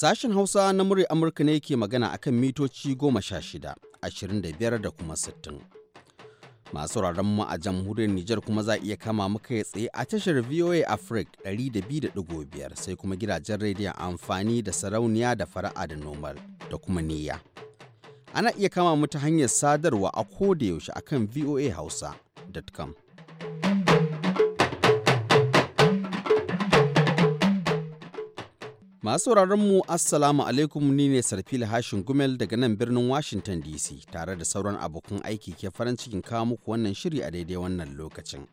Sashen Hausa na murya Amurka ne ke magana akan mitoci goma sha shida, ashirin da biyar da kuma sittin. Masu mu a jamhuriyar Nijar kuma za iya kama muka ya tsaye a tashar VOA Africa 200.5 sai kuma gidajen rediyon amfani da sarauniya da fara'a da nomal da kuma niyya. Ana iya kama mu ta hanyar sadarwa a koda yaushe akan VOA voahausa.com. Masu mu Assalamu alaikum ni ne Sarfila Hashin Gumel daga nan birnin Washington DC tare da sauran abokan aiki ke farin cikin kawo muku wannan shiri a daidai wannan lokacin.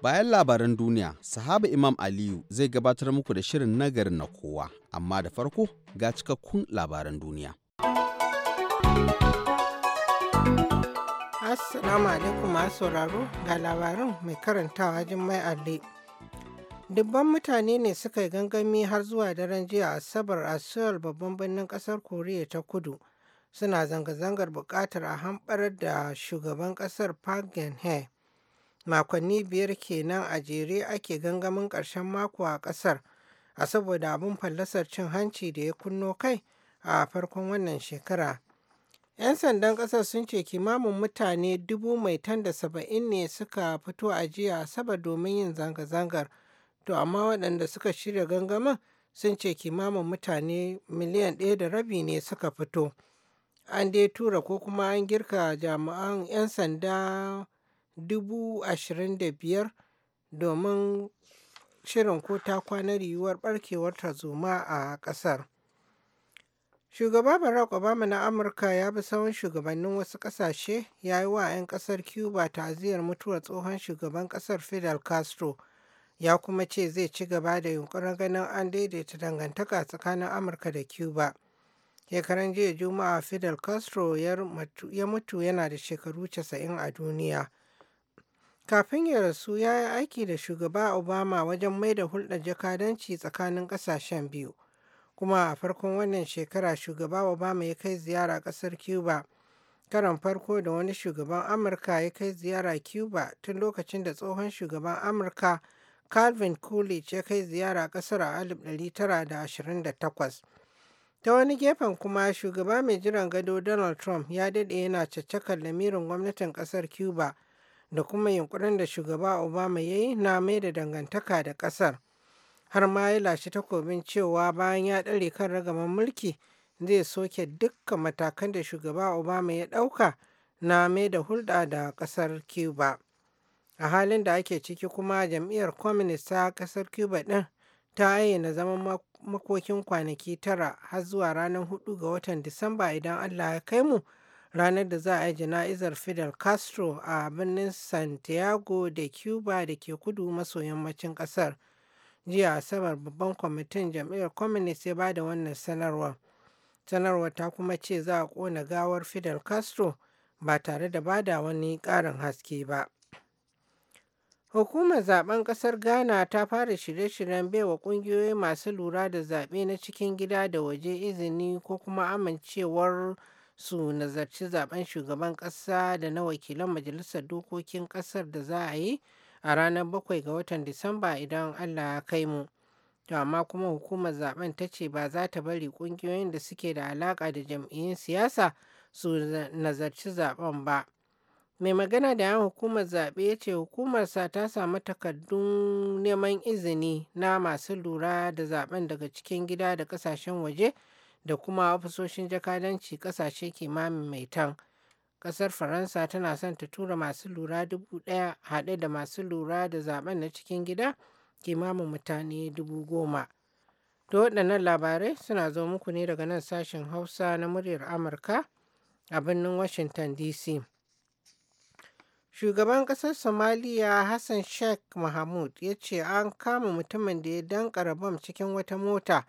Bayan labaran duniya, sahaba Imam Aliyu zai gabatar muku da shirin nagarin na kowa, amma da farko ga cikakkun labaran duniya. Assalamu alaikum masu sauraro ga labarin mai karantawa Jummai Ali. Dubban mutane ne suka yi gangami har zuwa daren jiya a Asabar a Seoul babban birnin kasar Koriya ta Kudu. Suna zanga-zangar buƙatar a hamɓarar da shugaban ƙasar Park Geun-hye. Makonni biyar kenan a jere ake gangamin ƙarshen mako a ƙasar a saboda abin fallasar cin hanci da ya kunno kai a farkon wannan shekara. 'Yan sandan ƙasar sun ce kimamin mutane dubu mai tanda saba'in ne suka fito a jiya Asabar domin yin zanga-zangar. To amma waɗanda suka shirya gangamin sun ce kimanin mutane miliyan ɗaya da rabi ne suka fito. An dai tura ko kuma an girka jami'an 'yan sanda dubu ashirin da biyar domin shirin ko ta riwuwar yiwuwar barkewar tarzoma a ƙasar. Shugaba Barack Obama na Amurka ya bi tsawon shugabannin wasu ƙasashe ya yi wa 'yan ƙasar Cuba ta'aziyar mutuwar tsohon shugaban ƙasar Fidel Castro. ya kuma ce zai ci gaba da yunkurin ganin an daidaita dangantaka tsakanin amurka da cuba shekaran jiya juma'a fidel castro ya mutu yana da shekaru 90 a duniya kafin ya rasu ya yi aiki da shugaba obama wajen mai da hulɗar jakadanci tsakanin ƙasashen biyu kuma a farkon wannan shekara shugaba obama ya kai ziyara ƙasar cuba karan farko da wani shugaban amurka ya kai ziyara cuba tun lokacin da tsohon shugaban amurka calvin coolidge ya kai ziyara ƙasar a 1928 ta wani gefen kuma shugaba mai jiran gado donald trump ya daɗe yana caccakar lamirin gwamnatin ƙasar cuba da kuma yunkurin da shugaba obama ya yi na da dangantaka da ƙasar har ma ya lashe takobin cewa bayan ya ɗare kan ragaman mulki zai soke dukkan matakan da shugaba obama ya ɗauka na mai da hulɗa da ƙasar cuba a halin da ake ciki kuma jam'iyyar communist ta kasar cuba ɗin ta ayyana zaman makokin kwanaki tara har zuwa ranar 4 ga watan disamba idan allah ya kai mu ranar da za a yi jana'izar fidel castro a birnin santiago da cuba da ke kudu maso yammacin kasar jiya asabar babban kwamitin jam'iyyar communist ya bada wannan sanarwar sanarwar ta kuma ce za a kona gawar fidel castro ba tare da bada wani ƙarin haske ba Hukumar zaben kasar Ghana ta fara shirye-shiryen baiwa kungiyoyi masu lura da zaɓe na cikin gida da waje izini ko kuma amincewar su nazarci zaben shugaban ƙasa da na wakilan majalisar dokokin ƙasar da za a yi a ranar bakwai ga watan Disamba idan Allah ya kai mu. To amma kuma hukumar zaben ta ce ba za ta bari kungiyoyin da suke da alaƙa da jam'iyyun siyasa su nazarci zaben ba. Mai magana da 'yan hukumar zaɓe ya ce hukumarsa ta samu takardun neman izini na masu lura da zaben daga cikin gida da ƙasashen waje da kuma ofisoshin jakadanci ƙasashe kimanin tan. Ƙasar Faransa tana son ta tura masu lura dubu ɗaya haɗe da masu lura da zaben na cikin gida kimanin mutane dubu goma. Da waɗannan labarai suna zo muku ne daga nan sashen Hausa na muryar Amurka a birnin Washington DC. Shugaban ƙasar Somaliya Hassan Sheikh mahmud ya ce an kama mutumin da ya dankara bam cikin wata mota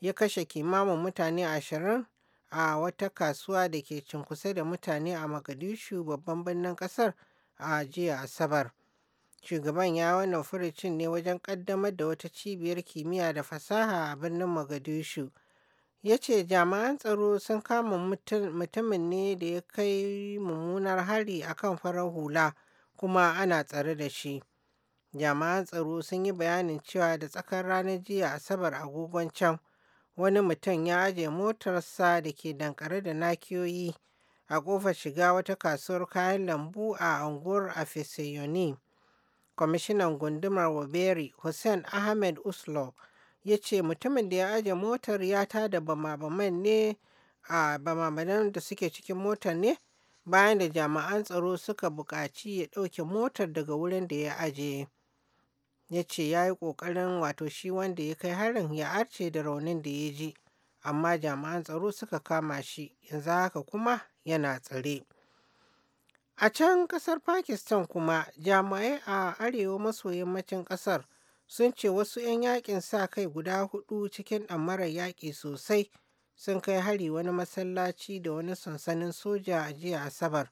ya kashe kimamin mutane ashirin a wata kasuwa da ke cunkusa da mutane a Magadishu babban birnin ƙasar a jiya Asabar. Shugaban ya wannan furucin ne wajen ƙaddamar da wata cibiyar kimiyya da fasaha a birnin Magadishu. ya ce jami'an tsaro sun kama mutumin ne da ya kai mummunar hari a kan farar hula kuma ana tsare da shi jami'an tsaro sun yi bayanin cewa da tsakar ranar jiya asabar agogon can wani mutum ya ajiye motarsa da ke dankare da nakiyoyi a kofar shiga wata kasuwar kayan lambu a unguwar afisayoni kwamishinan gundumar waberi hussein ahmed uslob ya ce mutumin da ya aje motar ya tada da baman ne a bama da suke cikin motar ne bayan da jami'an tsaro suka buƙaci ya ɗauke motar daga wurin da ya aje ya ce ya yi ƙoƙarin wato shi wanda ya kai harin ya arce da raunin da ya ji amma jami'an tsaro suka kama shi yanzu haka kuma yana tsare a can ƙasar pakistan kuma jami'ai a arewa maso yammacin ƙasar sun ce wasu 'yan yakin sa kai guda hudu cikin ɗamarar yaƙi sosai sun kai hari wani masallaci da wani sansanin soja a jiya asabar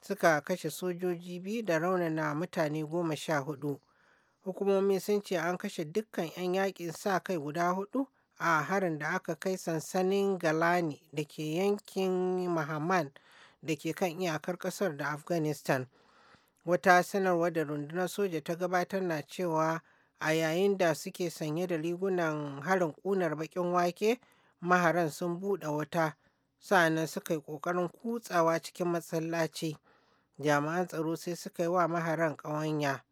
suka kashe sojoji biyu da raunana mutane goma sha hudu hukumomi sun ce an kashe dukkan 'yan yakin sa kai guda hudu a harin da aka kai sansanin galani da ke yankin mahaman da ke kan iyakar kasar da afghanistan wata sanarwa da rundunar soja ta gabatar na cewa a yayin da suke sanye da rigunan harin ƙunar baƙin wake maharan sun buɗe wuta sa'annan suka yi ƙoƙarin kutsawa cikin matsalaci, jami'an tsaro sai suka yi wa maharan ƙawanya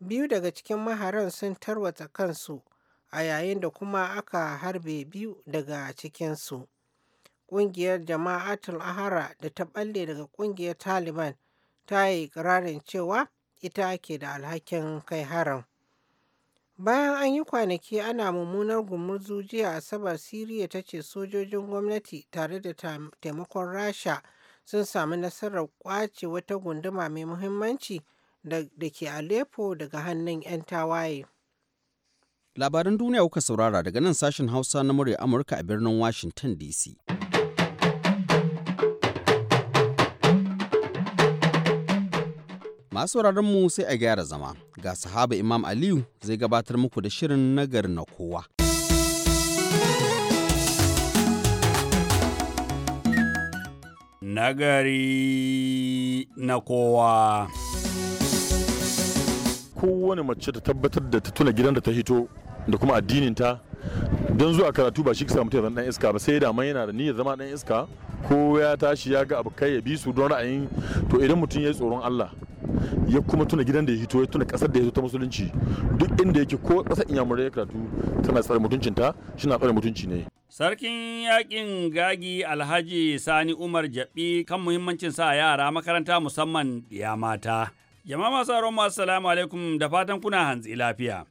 biyu daga cikin maharan sun tarwata kansu a yayin da kuma aka harbe biyu daga cikinsu ƙungiyar jama'atul ahara da ta ɓalle daga ƙungiyar taliban ta yi ƙirarin cewa ita ke da alhakin kai harin Bayan an yi kwanaki ana mummunar gumurzu jiya Asabar Siriya ta ce sojojin gwamnati tare da taimakon Rasha sun samu nasarar ƙwace wata gunduma mai muhimmanci da ke Aleppo daga hannun 'yan tawaye. Labaran duniya kuka saurara daga nan sashen Hausa na murya Amurka a birnin Washington DC. Masu mu sai a gyara zama, ga sahaba Imam Aliyu zai gabatar muku da shirin nagari na kowa. Nagari na kowa. Kowane mace ta tabbatar da ta tuna gidan da ta hito da kuma addininta don zuwa karatu ba shi samu zama dan iska ba sai da yana da niyyar zama dan iska ko ya tashi ya ga abu kai ya bi su don ra'ayin to idan mutum ya yi tsoron Allah ya kuma tuna gidan da ya hito ya tuna kasar da ya hito ta musulunci duk inda yake ko kasar inyamurai ya karatu tana tsare mutuncinta shi na tsare mutunci ne Sarkin yakin gagi Alhaji Sani Umar Jabi kan muhimmancin sa yara makaranta musamman ya mata. Jama'a masu masu salamu alaikum da fatan kuna hantsi lafiya.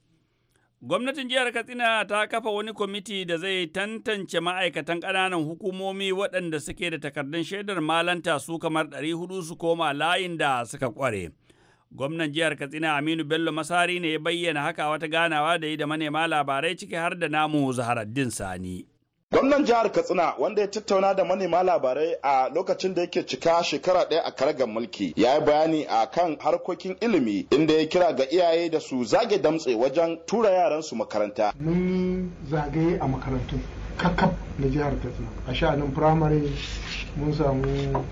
Gwamnatin jihar Katsina ta kafa wani kwamiti da zai tantance ma'aikatan ƙananan hukumomi waɗanda suke da takardun shaidar malanta su kamar ɗari 400 su koma layin da suka ƙware. Gwamnan jihar Katsina Aminu Bello Masari ne ya bayyana haka wata ganawa da yi da manema labarai ciki har da namu Zaharaddin Sani. Gwamnan jihar Katsina wanda ya tattauna da manema labarai a lokacin da yake cika shekara ɗaya a karagar mulki ya yi bayani a kan harkokin ilimi inda ya kira ga iyaye da su zage damtse wajen tura yaran su makaranta. Mun zagaye a makarantun kakaf na jihar Katsina a sha'anin firamare mun samu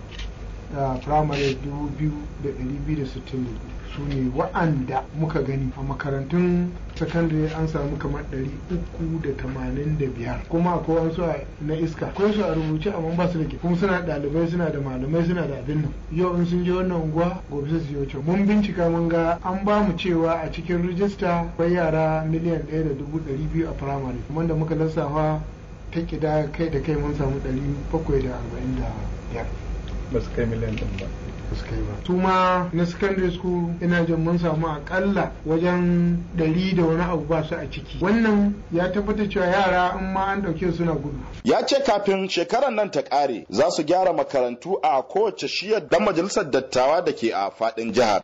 ah, firamare 2,262 su ne wa'anda muka gani a makarantun sakandare an samu kamar 385 kuma akwai wasu na iska akwai su a rubuce amma ba su da kuma suna ɗalibai suna da malamai suna da abin nan yau in sun je wannan unguwa gobe sai su yi wuce mun bincika mun ga an ba mu cewa a cikin rijista akwai yara miliyan ɗaya da dubu ɗari biyu a firamare kuma da muka lissafa ta kida kai da kai mun samu ɗari bakwai da arba'in da biyar ba su kai miliyan ɗin ba Suma ba Tuma na secondary school ina jin mun samu akalla wajen ɗari da wani abu ba su a ciki wannan ya tabbata cewa yara in ma an ɗauke suna gudu ya ce kafin shekarar nan ta ƙare za su gyara makarantu a kowace shiyar dan majalisar dattawa da ke a faɗin jihar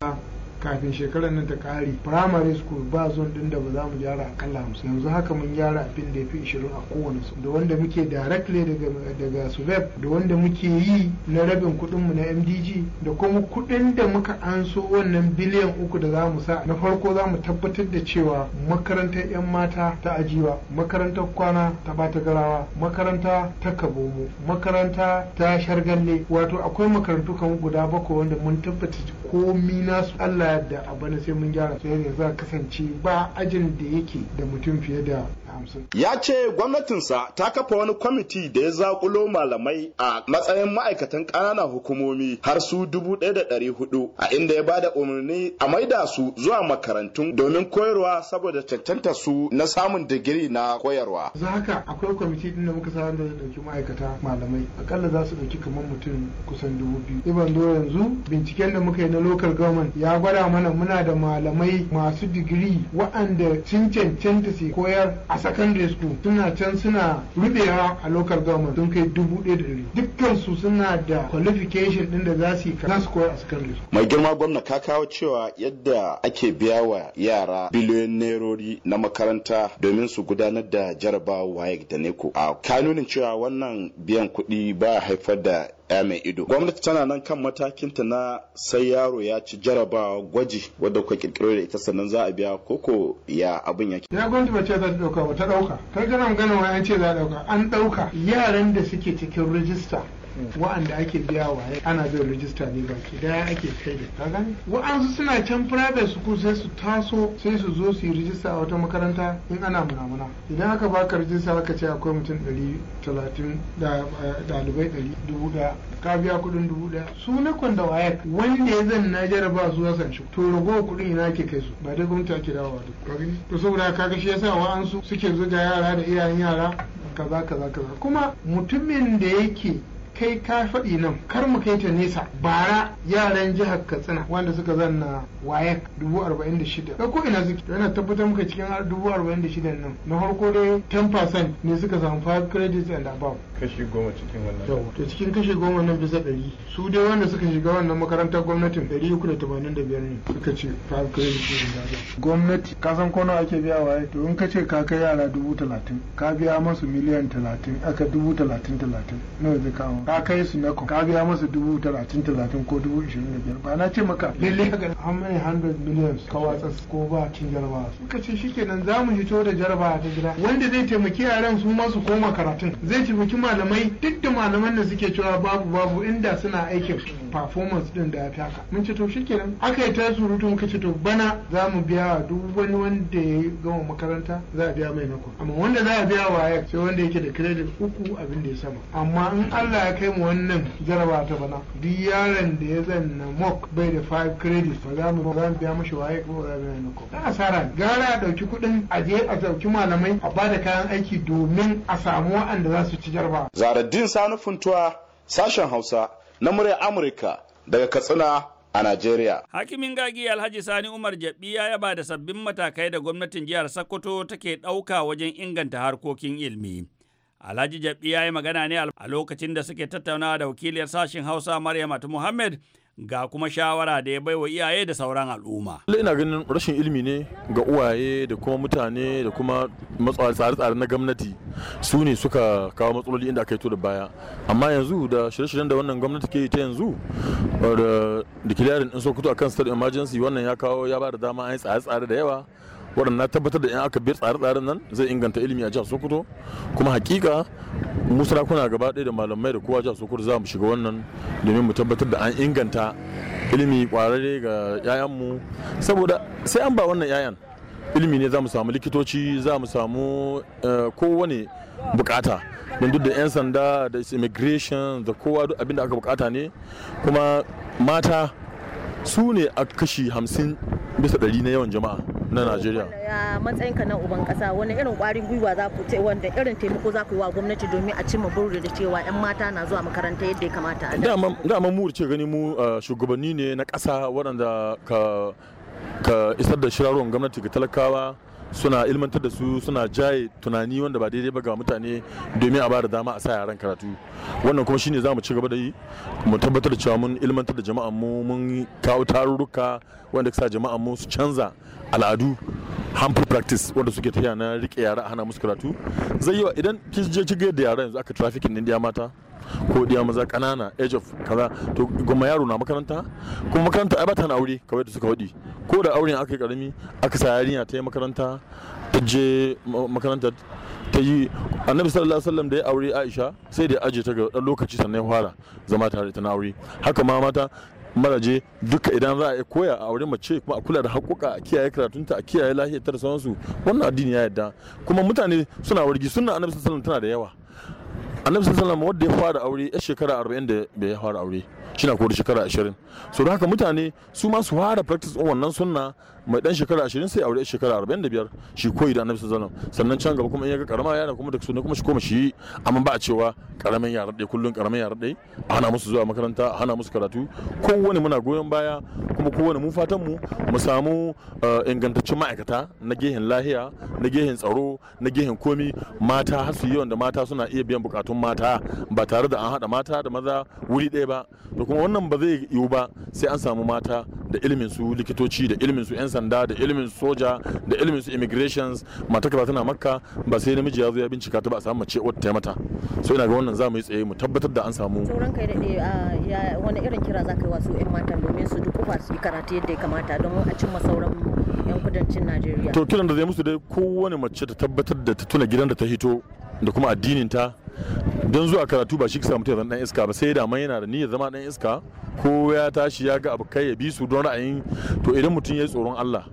kafin shekarar nan ta kare primary school ba zon din da ba za mu gyara akalla hamsin yanzu haka mun gyara abin da ya fi ishirin a kowane su da wanda muke directly daga daga subeb da wanda muke yi na rabin kuɗin mu na mdg da kuma kuɗin da muka anso wannan biliyan uku da za mu sa na farko za mu tabbatar da cewa makarantar yan mata ta ajiwa makarantar kwana ta bata garawa makaranta ta kabomo makaranta ta shargalle wato akwai makarantu kamar guda bakwai wanda mun tabbata komi nasu allah da abu bana sai mun gyara sai ne za kasance ba ajin da yake da mutum fiye da Ya ce gwamnatinsa ta kafa wani kwamiti da ya zakulo malamai a matsayin ma'aikatan ƙananan hukumomi har su 1,400, a inda ya bada umarni a maida su zuwa makarantu domin koyarwa saboda cancanta su na samun digiri na koyarwa. Za haka akwai kwamiti din da muka sa da dauki ma'aikata malamai akalla za su ɗauki kamar mutum kusan dubu biyu. Iban do yanzu binciken da muka yi na local government ya gwada mana muna da malamai masu digiri wa'anda sun cancanta su koyar a secondary school suna can suna rubewa a local government sun kai dubu ɗaya da ɗari dukkan su suna da qualification ɗin da za su yi za su koyar a secondary school. mai girma gwamna ka kawo cewa yadda ake biya wa yara biliyoyin nerori na makaranta domin su gudanar da jarabawa waye da neko a kanunin cewa wannan biyan kuɗi ba haifar da ya mai ido gwamnati tana nan kan matakinta na sai yaro ya ci jaraba gwaji wadda kuka kirkiro da ita sannan za a biya koko ya abin yake ya gwamnati ba ce za ta dauka ba ta dauka kar kana magana wa an ce za a dauka an dauka yaran da suke cikin rijista wa'anda ake biya wa ana bin rijista ne baki daya ake kai da kaga wa'ansu suna can private school sai su taso sai su zo su yi rijista a wata makaranta in ana munamuna idan aka baka rijista aka ce akwai mutum ɗari talatin da eh, ɗalibai ɗari dubu ɗaya ka biya kuɗin dubu ɗaya su na kwanda wayar wani ne zan na jaraba su san shi to rago kuɗin ina ake kai su ba dai gwamnati ake dawowa duk to saboda kaga shi yasa wa'ansu suke zo da yara da iyayen yara kaza kaza kaza kuma mutumin da yake kai ka faɗi nan kar mu kai ta nesa bara yaran jihar katsina wanda suka zanna waye dubu arba'in da shida ko ina suke yana tabbatar muka cikin dubu arba'in da shida nan na farko dai 10% ne suka samu five credits and above kashi goma cikin wannan yau to cikin kashi goma nan bisa ɗari su dai wanda suka shiga wannan makarantar gwamnatin ɗari uku da tamanin da biyar ne suka ce ka kai da gwamnati ka san kono ake biya waye to in ka ce ka kai yara dubu talatin ka biya masu miliyan talatin aka dubu talatin talatin nawa zai kawo ka kai su na ka biya masu dubu talatin talatin ko dubu ishirin da biyar ba na ce maka lalle haka how many hundred millions ka watsa ko ba cin jarabawa suka ce shikenan za mu hito da jarabawa ta gida wanda zai taimaki yaran su ma su koma karatun zai taimaki malamai duk da malaman da suke cewa babu babu inda suna aikin performance din da ya fi haka mun ce to kenan aka yi ta surutu muka ce to bana za mu biya wa duk wani wanda ya gama makaranta za a biya mai nakon amma wanda za a biya wa ya sai wanda yake da credit uku abin da ya sama amma in Allah ya kai mu wannan jaraba ta bana duk yaron da ya zanna mock bai da five credit ba za mu za mu biya mashi waye ko za mu biya nakon na asara gara a ɗauki kuɗin a je a ɗauki malamai a bada kayan aiki domin a samu waɗanda za su ci jaraba. Zaradin Sani Funtuwa sashen Hausa na murya Amurka daga Katsina a Najeriya. Hakimin gagi Alhaji Sani Umar Jabi ya yaba da sabbin matakai da gwamnatin jihar Sokoto take ɗauka wajen inganta harkokin ilimi. Alhaji Jabi ya yi magana ne a lokacin da suke tattaunawa da wakiliyar sashen Hausa Maryam Muhammad ga kuma shawara da ya baiwa iyaye da sauran al'umma. ina ganin rashin ilimi ne ga uwaye da kuma mutane da kuma tsare-tsare na gwamnati su ne suka kawo matsaloli inda aka yi to da baya amma yanzu da shirye-shiryen da wannan gwamnati ke yi ta yanzu da declaring in sokoto akan state emergency wannan ya kawo ya ba da dama an yi tsare-tsare da yawa waɗanda tabbatar da in aka bi tsare-tsaren nan zai inganta ilimi a jihar sokoto kuma hakika mu sarakuna gaba ɗaya da malamai da kowa jihar sokoto za mu shiga wannan domin mu tabbatar da an inganta ilimi kwararre ga 'ya'yanmu saboda sai an ba wannan 'ya'yan ilimi ne za mu samu likitoci za mu samu eh, kowane bukata don duk da 'yan sanda da immigration da kowa duk abin aka bukata ne kuma mata su ne a kashi hamsin bisa ɗari na yawan jama'a na oh. najeriya ya ka na uban kasa wani irin kwarin gwiwa za ku ta wanda irin taimako za ku yi wa gwamnati domin a cimma burin da cewa yan mata na zuwa makaranta yadda ya kamata a dama mu ce gani mu uh, shugabanni ne na kasa waɗanda ka isar da shirarwar gwamnati ga talakawa suna ilmantar da su suna jaye tunani wanda ba daidai ba ga mutane domin a ba da dama a sa yaran karatu wannan kuma shine za mu ci gaba da yi mu tabbatar da cewa mun ilmantar da jama'an mu mun kawo tarurruka wanda sa jama'an mu su canza al'adu harmful practice wanda suke tafiya na rike yara a hana musu karatu zai yi idan kin je ki ga yadda yara yanzu aka trafficking din mata ko diya maza kanana age of kaza to goma yaro na makaranta kuma makaranta ai bata na aure kawai da suka wadi ko da auren aka yi karami aka sa yarinya ta yi makaranta ta je makaranta ta yi annabi sallallahu alaihi wasallam da ya aure Aisha sai da aje ta ga dan lokaci sannan ya fara zama tare ta na aure haka ma mata maraje duka idan za a yi koya a wurin mace kuma a kula da haƙuƙa a kiyaye karatunta a kiyaye lafiyar ta da sauransu wannan addini ya yarda kuma mutane suna wargi sunna annabi sallallahu alaihi wasallam tana da yawa annabi sallallahu alaihi wasallam wanda ya fara aure ya shekara 40 da bai fara aure Shina ko da shekara ashirin so da haka mutane su ma su fara practice on wannan sunna mai dan shekara ashirin sai aure shekara arba'in da biyar shi koyi da annabi sallallahu alaihi sannan can gaba kuma in ya ga karama yana kuma da sunna kuma shi koma shi amma ba a cewa karamin yara dai kullun karamin yara dai hana musu zuwa makaranta hana musu karatu kowane muna goyon baya kuma kowane mu fatan mu mu samu eh, ingantaccen ma'aikata na gehen lahiya na gehen tsaro na gehen komi mata har su yi wanda mata suna iya biyan bukatun mata ba tare da an haɗa mata da maza wuri ɗaya ba to kuma wannan ba zai yiwu ba sai an samu mata da ilimin su likitoci da ilimin su 'yan sanda da ilimin soja da ilimin su immigrations mata ka tana makka ba sai namiji ya zo ya bincika ta ba a samu mace wata ta mata so ina ga wannan za mu yi tsaye mu tabbatar da an samu sauran kai daɗe wani irin kira za ka yi wasu 'yan matan domin su duk su yi karatu yadda ya kamata domin a cimma sauran 'yan kudancin najeriya to kiran da zai musu dai kowane mace ta tabbatar da ta tuna gidan da ta hito da kuma addinin ta don zuwa karatu ba shi samu ta zan dan iska ba sai da yana da niyyar zama dan iska ko ya tashi ya ga abu kai ya bi su don ra'ayin to idan mutum ya yi tsoron Allah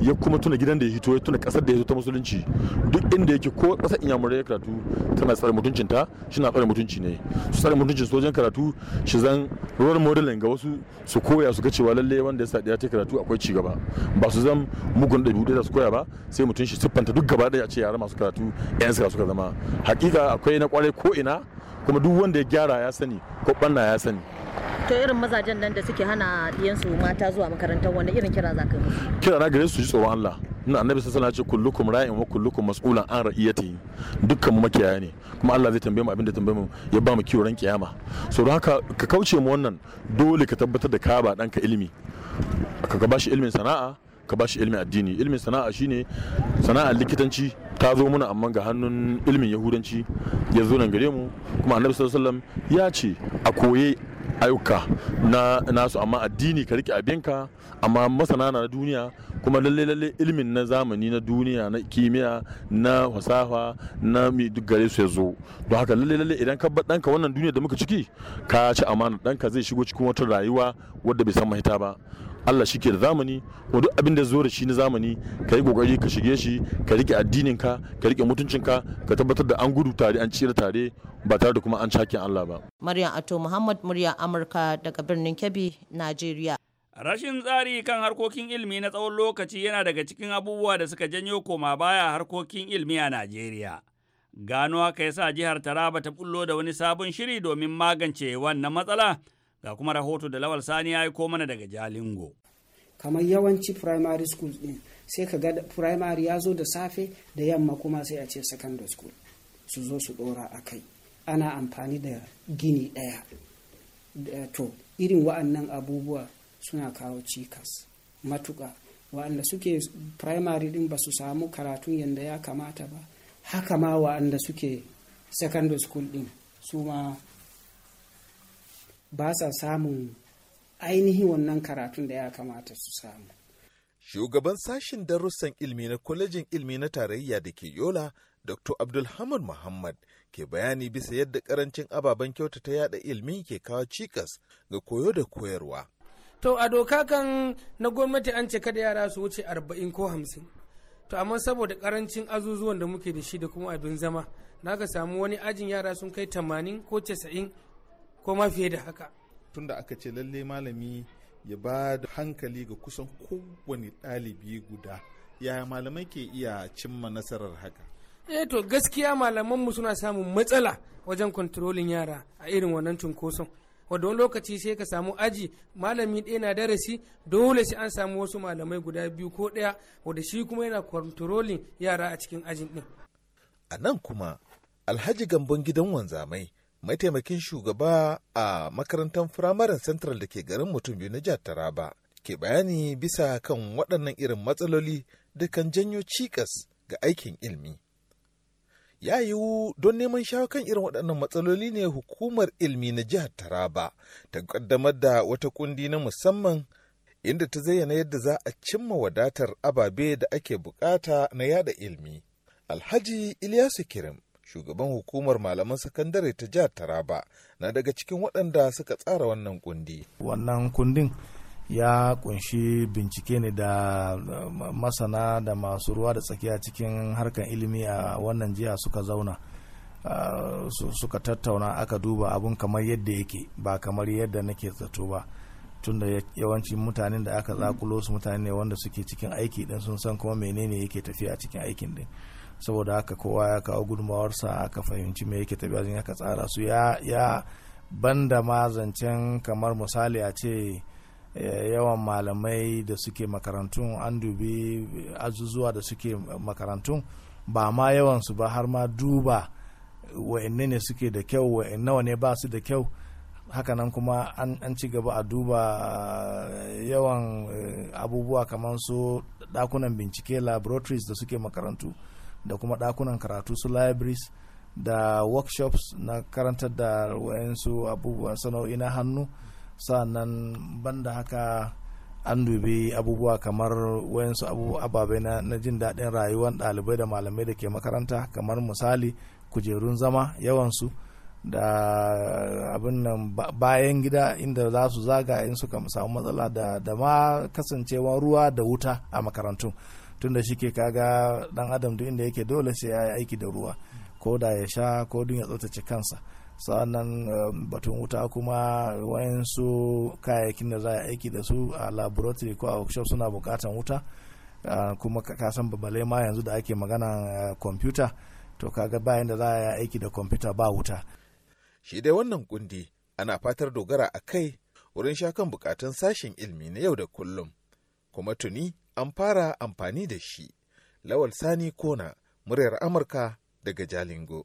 ya kuma tuna gidan da ya hito ya tuna kasar da ya zo ta musulunci duk inda yake ko kasar inyamurai ya karatu tana tsare mutuncin ta shi na tsare mutunci ne su tsare mutuncin sojan karatu shi zan role modeling ga wasu su koya su ga cewa lalle wanda ya sadiya ta karatu akwai ci gaba ba su zan mugun da da su koya ba sai mutunci shi siffanta duk gaba daya a ce yara masu karatu yan suka suka zama hakika akwai na kwarai ko ina kuma duk wanda ya gyara ya sani ko banna ya sani to irin mazajen nan da suke hana diyansu mata zuwa makarantar wanda irin kira za ka musu kira na gare su ji tsoron Allah na annabi sallallahu alaihi wasallam kullukum ra'in wa kullukum mas'ulan an ra'iyati dukkan mu makiyaya ne kuma Allah zai tambaye mu abinda tambaye mu ya ba mu kiwo ran kiyama so don haka ka kauce mu wannan dole ka tabbatar da ka ba danka ilimi ka ka bashi ilimin sana'a ka bashi ilimin addini ilimin sana'a shine sana'ar likitanci ta zo muna amma ga hannun ilimin yahudanci ya zo nan gare mu kuma annabi sallallahu alaihi ya ce a koye ayyuka na nasu amma addini ka rike abinka amma masana na duniya kuma lalle lalle ilimin na zamani na duniya na kimiyya na fasaha na mi duk gare su ya zo don haka lalle lalle idan ka bar danka wannan duniya da muka ciki ka ci amana danka zai shigo cikin wata rayuwa wadda bai san mahita ba Allah shi da zamani ko duk abin da zo da shi na zamani ka yi kokari ka shige shi ka rike addinin ka ka rike mutuncin ka ka tabbatar da an gudu tare an cire tare ba tare da kuma an cakin Allah ba Maryam Ato Muhammad murya Amurka daga birnin Kebbi Najeriya Rashin tsari kan harkokin ilimi na tsawon lokaci yana daga cikin abubuwa da suka janyo koma baya harkokin ilimi a Najeriya. Gano haka yasa jihar Taraba ta bullo da wani sabon shiri domin magance wannan matsala Ga kuma rahoto da Lawal Sani ya ko mana daga Jalingo. Kamar yawanci primary school ɗin sai ka ga primary ya zo da safe da yamma kuma sai a ce secondary school su zo su ɗora a kai. Ana amfani da gini ɗaya. To, irin wa'annan abubuwa suna kawo cikas matuka Wa'anda suke primary din ba su samu karatun yadda ya kamata ba. Haka ma wa'anda suke secondary school ɗin su ma ba sa samun ainihin wannan karatun da ya kamata su samu. Shugaban sashen darussan ilmi na kwalejin ilmi na tarayya da ke Yola, Dr. Abdulhamid Muhammad ke bayani bisa yadda karancin ababen kyauta ta yada ilmi ke kawo cikas ga koyo da koyarwa. To a doka kan na gwamnati an ce kada yara su wuce arba'in ko hamsin. To amma saboda karancin azuzuwan da muke da shi da kuma abin zama, na ka samu wani ajin yara sun kai tamanin ko casa'in ko ma fiye da haka tunda aka ce lalle malami ya ba da hankali ga kusan kowane ɗalibi guda yaya malamai ke iya cimma nasarar haka eh to gaskiya malaman mu suna samun matsala wajen kwantarolin yara a irin wannan cunkoson wadda wani lokaci sai ka samu aji malami ɗaya na darasi dole sai an samu wasu malamai guda biyu ko ɗaya wadda shi kuma yana kwantarolin yara a cikin ajin ɗin. a nan kuma alhaji gambon gidan wanzamai mataimakin shugaba a makarantar firamaren central da ke garin mutum biyu na jihar taraba ke bayani bisa kan waɗannan irin matsaloli da kan janyo cikas ga aikin ilmi ya yiwu don neman shawo kan irin waɗannan matsaloli ne hukumar ilmi na jihar taraba ta ƙaddamar da wata kundi na musamman inda ta zayyana yadda za a cimma wadatar ababe da ake bukata na yada ilmi. Alhaji iliyasu Kirim shugaban hukumar malaman sakandare ta jihar Taraba na daga cikin waɗanda suka tsara wannan kundi. Wannan kundin ya kunshi bincike ne da masana da masu ruwa da tsakiya cikin harkar ilimi a wannan jiya suka zauna suka tattauna aka duba abun kamar yadda yake ba kamar yadda nake zato ba tunda yawancin mutanen da aka zakulo su mutane ne wanda suke cikin aiki din sun san kuma menene yake tafiya cikin aikin din. saboda haka kowa ya kawo gudunmawarsa aka fahimci me yake tafiya aka tsara su ya ya banda ma zancen kamar misali a ce eh, yawan malamai da suke makarantun an dubi azuzuwa da suke makarantun ba ma yawansu ba har ma duba wa'anne ne suke da kyau nawa ne ba su da kyau hakanan kuma an ci gaba a duba eh, yawan eh, abubuwa kamar su dakunan bincike laboratories da suke makarantu da kuma ɗakunan karatu su libraries da workshops na karantar da wayansu abubuwan sana'o'i na hannu sannan banda haka an dubi abubuwa kamar wayansu ababai na, jin daɗin rayuwar ɗalibai da malamai da ke makaranta kamar misali kujerun zama yawansu da abin nan bayan gida inda za su zaga in suka samu matsala da, da ma kasancewa ruwa da wuta a makarantun tunda shi ke kaga dan adam duk inda yake dole sai ya yi aiki da ruwa ko da ya sha ko dun ya tsaftace kansa sa'annan um, batun wuta kuma wayansu kayayyakin da za a aiki da su a laboratory ko a workshop suna bukatan wuta uh, kuma ka san babalai ma yanzu da ake magana kwamfuta uh, to kaga bayan da za a yi aiki da kwamfuta ba wuta shi dai wannan kundi ana fatar dogara a kai wurin sha kan bukatun sashen ilmi na yau da kullum kuma tuni an fara amfani da shi. Lawal Sani Kona, muryar Amurka daga Jalingo.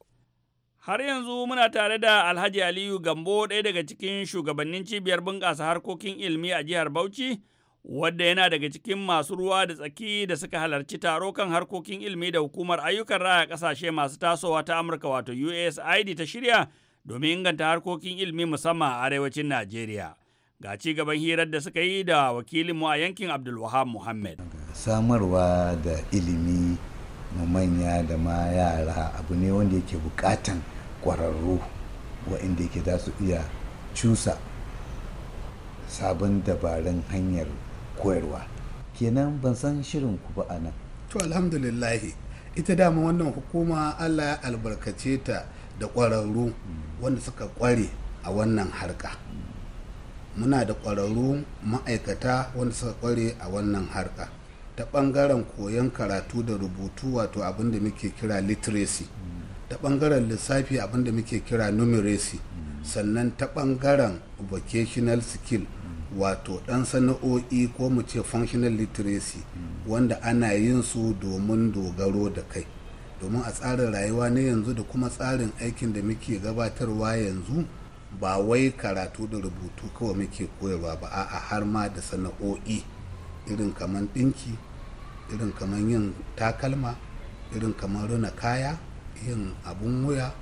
Har yanzu muna tare da Alhaji Aliyu Gambo ɗaya daga cikin shugabannin cibiyar bunƙasa harkokin ilmi a jihar Bauchi, wadda yana daga cikin masu ruwa da tsaki da suka halarci taro kan harkokin ilmi da hukumar ayyukan raya ƙasashe masu tasowa ta Amurka wato USAID ta shirya domin inganta harkokin ilmi musamman a arewacin Najeriya. Ga ci gaban hirar da suka yi da wakilinmu a yankin Abdulwahab Muhammad. Samarwa da ilimi mu manya da ma yara abu ne wanda yake bukatan kwararru wa'inda yake za su iya cusa sabon dabarun hanyar koyarwa kenan ban san shirin ku ba anan to alhamdulillahi ita dama wannan hukuma allah ya albarkace ta da kwararru mm. wanda suka kware a wannan harka muna da ƙwararru ma'aikata wanda suka ƙware a wannan harka ta ɓangaren koyon karatu da rubutu wato abin da muke kira literacy ta ɓangaren lissafi abin da muke kira numeracy sannan ta ɓangaren vocational skill wato ɗan sana'o'i ko mu ce functional literacy wanda ana yin su domin dogaro da kai domin a tsarin rayuwa na yanzu da kuma tsarin aikin da muke gabatarwa yanzu ba wai karatu da rubutu kawai muke koyarwa ba a'a har ma da sana'o'i irin kamar ɗinki irin kamar yin takalma irin kamar runa kaya yin abun wuya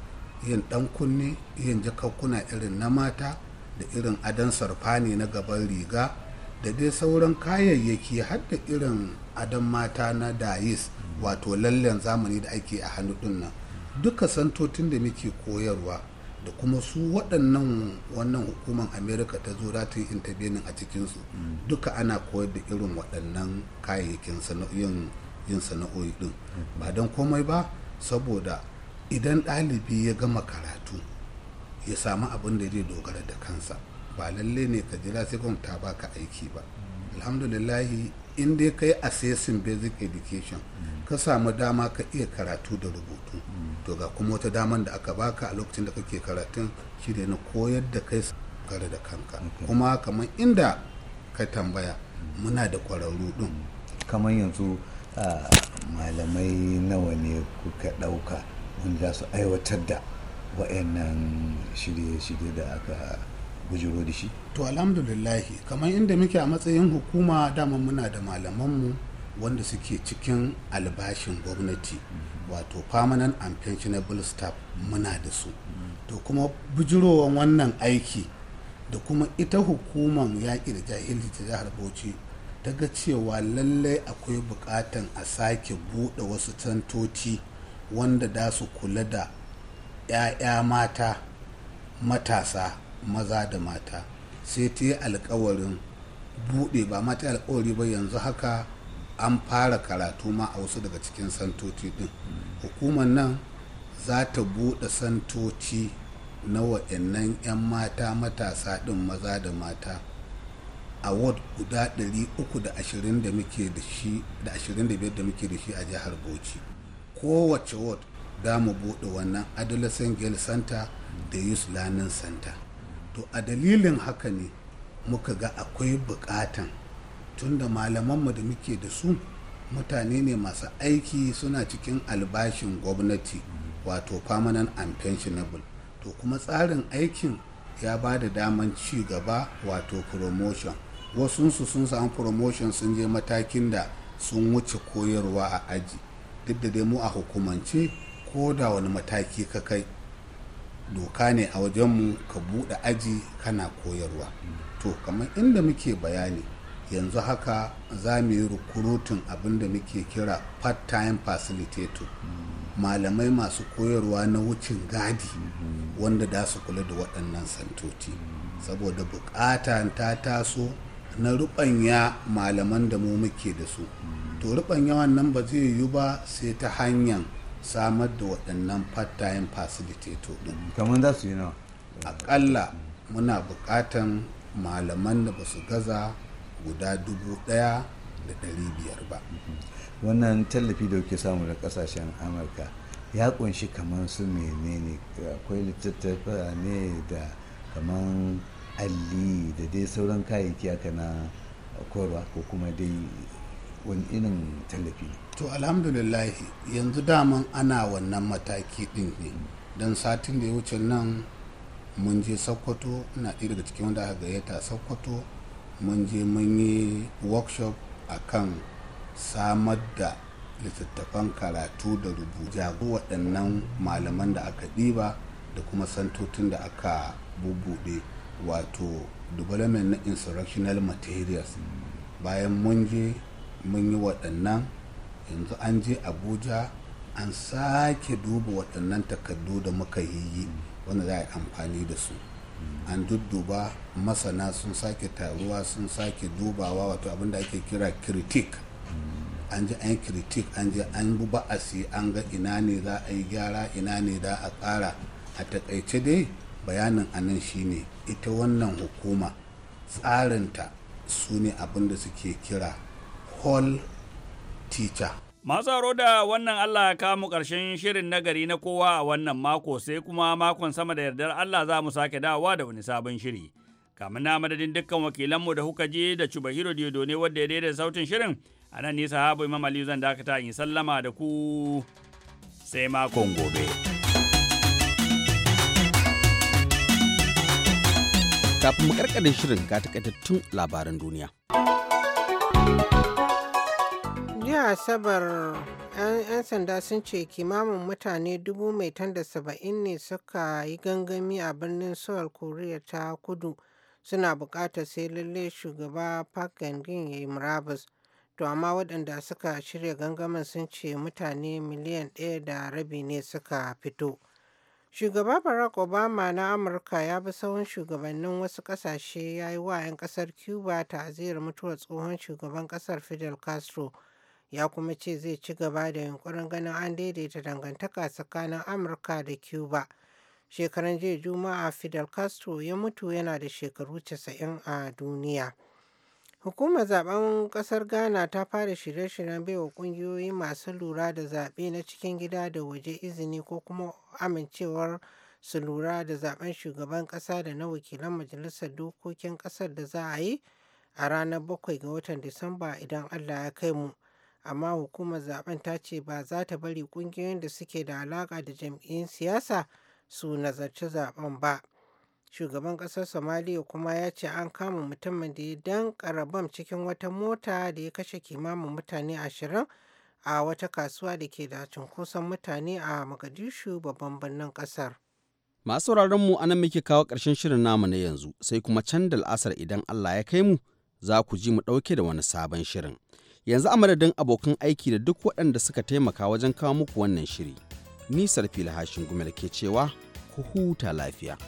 yin ɗan kunne yin jakakkuna irin na mata da irin adon sarfani na gaban riga da dai sauran kayayyaki har da irin adon mata na dayis wato lallen zamani da ake a hannu ɗin nan duka santotin da muke koyarwa da kuma su waɗannan wannan hukumar amerika ta zo za ta yi intervening a cikinsu duka ana koyar da irin waɗannan kayayyakin sana'o'in yin sana'o'i din ba don komai ba saboda idan ɗalibi ya gama karatu ya samu abin da zai dogara da kansa ba lalle ne ka jira sai ta baka aiki ba alhamdulillahi in dai ka yi assessing basic education ka samu dama ka iya karatu da rubutu to ga kuma wata daman da aka baka a lokacin da kake karatun shi na koyar da kai kare da kanka kuma kamar inda ka tambaya muna da kwararru din kamar yanzu malamai nawa ne kuka ɗauka wanda su aiwatar da wayannan shirye-shirye da aka bujuro da shi to alhamdulillahi kamar inda muke a matsayin hukuma dama muna da malamanmu wanda suke cikin albashin gwamnati wato permanent and pensionable staff muna da su to kuma bujirowan wannan aiki da kuma ita hukuman yaƙi da jahilci ta jihar bauchi ta ga cewa lallai akwai buƙatan a sake buɗe wasu tantoci wanda da su kula da 'ya'ya mata matasa maza da mata sai ta yi alkawarin buɗe ba mata alkawari ba yanzu haka an fara karatu ma a wasu daga cikin santoci din hukumar nan za ta buɗe santoci na wa'annan 'yan mata matasa ɗin maza da mata a ward guda ɗari da muke da shi da a jihar bauchi kowace ward za mu buɗe wannan adolescent girl center da youth learning center to a dalilin haka ne muka ga akwai bukatan tunda malamanmu da muke da su mutane ne masu aiki suna cikin albashin gwamnati wato permanent and pensionable to kuma tsarin aikin ya ba da daman ci gaba wato promotion wasunsu sun samu promotion sun je matakin da sun wuce koyarwa a aji duk da dai mu a hukumance ko da wani mataki ka kai doka ne a wajenmu ka buɗe aji kana koyarwa to kamar inda muke bayani yanzu haka za mu yi rukurutun abinda muke kira part-time facilitator malamai masu koyarwa na wucin gadi wanda da su kula da waɗannan santoti saboda bukata ta taso na rubanya malaman da mu muke da su to rubanya wannan ba zai yiwu ba sai ta hanyar samar da waɗannan part-time facilitator ɗin. kamar za su yi nawa akalla muna buƙatan malaman da ba su gaza guda dubu ɗaya da ɗari biyar ba wannan tallafi da kuke samu da ƙasashen amurka ya ƙunshi kamar su menene akwai littattafa ne da kamar alli da dai sauran kayayyaki haka na korwa ko kuma dai wani irin tallafi ne to alhamdulillah yanzu daman ana wannan mataki din ne don satin da ya wuce nan mun je sokoto na ɗaya daga cikin wanda aka gayyata sokoto mun je mun yi workshop kan samar da littattafan karatu da rubuja waɗannan malaman da aka ɗiba da kuma santotin da aka bubuɗe wato development na insurrectional materials bayan mun je mun yi waɗannan yanzu an je abuja an sake duba waɗannan takardu da muka yi wanda za a yi amfani da su an dudduba masana sun sake taruwa sun sake dubawa wato abinda ake kira kritik an ji an kritik an je an bi ba'asi an ga ina ne za a yi gyara ina ne za a ƙara a takaice dai bayanin anan shine ita wannan hukuma tsarinta su ne abinda suke kira whole teacher. da wannan Allah ya kamu ƙarshen shirin nagari na kowa a wannan mako sai kuma makon sama da yardar Allah za mu sake dawowa da wani sabon shiri. Kamin na madadin dukkan wakilanmu da kuka je da cuba Hiro Diodo ne wadda ya daidaita sautin shirin a nan nisa habu Imam Aliyu zan dakata in sallama da ku sai makon gobe. Kafin mu shirin ga takaitattun labaran duniya. jiya asabar 'yan sanda sun ce kimamin mutane dubu mai tanda saba'in ne suka yi gangami a birnin seoul koriya ta kudu suna bukatar sai lalle shugaba park gangin ya yi murabus to amma waɗanda suka shirya gangamin sun ce mutane miliyan ɗaya da rabi ne suka fito shugaba barack obama na amurka ya bi sahun shugabannin wasu ƙasashe ya yi wa 'yan ƙasar cuba ta'aziyar mutuwar tsohon shugaban ƙasar fidel castro ya kuma ce zai ci gaba da yunkurin ganin an daidaita dangantaka tsakanin amurka da cuba shekaran jiya juma'a fidel castro ya mutu yana da shekaru 90 a duniya hukumar zaben kasar ghana ta fara shirye-shiryen baiwa kungiyoyi masu lura da zaɓe na cikin gida da waje izini ko kuma amincewar su lura da zaben shugaban kasa da na wakilan majalisar dokokin kasar da za a yi a ranar bakwai ga watan disamba idan allah ya kai mu. amma hukumar zaben ta ce ba za ta bari kungiyoyin da suke da alaka da jam'iyyun siyasa su nazarci zaben ba shugaban kasar somaliya kuma ya ce an kama mutumin da ya dan karabam cikin wata mota da ya kashe kimanin mutane ashirin a wata kasuwa da ke da cunkoson mutane a mogadishu babban birnin kasar masu mu anan muke kawo ƙarshen shirin namu na yanzu sai kuma can da al'asar idan allah ya kai mu za ku ji mu ɗauke da wani sabon shirin. Yanzu a madadin abokan aiki da duk waɗanda suka taimaka wajen kawo muku wannan shiri. Nisar fili hashin gumel ke cewa ku huta lafiya.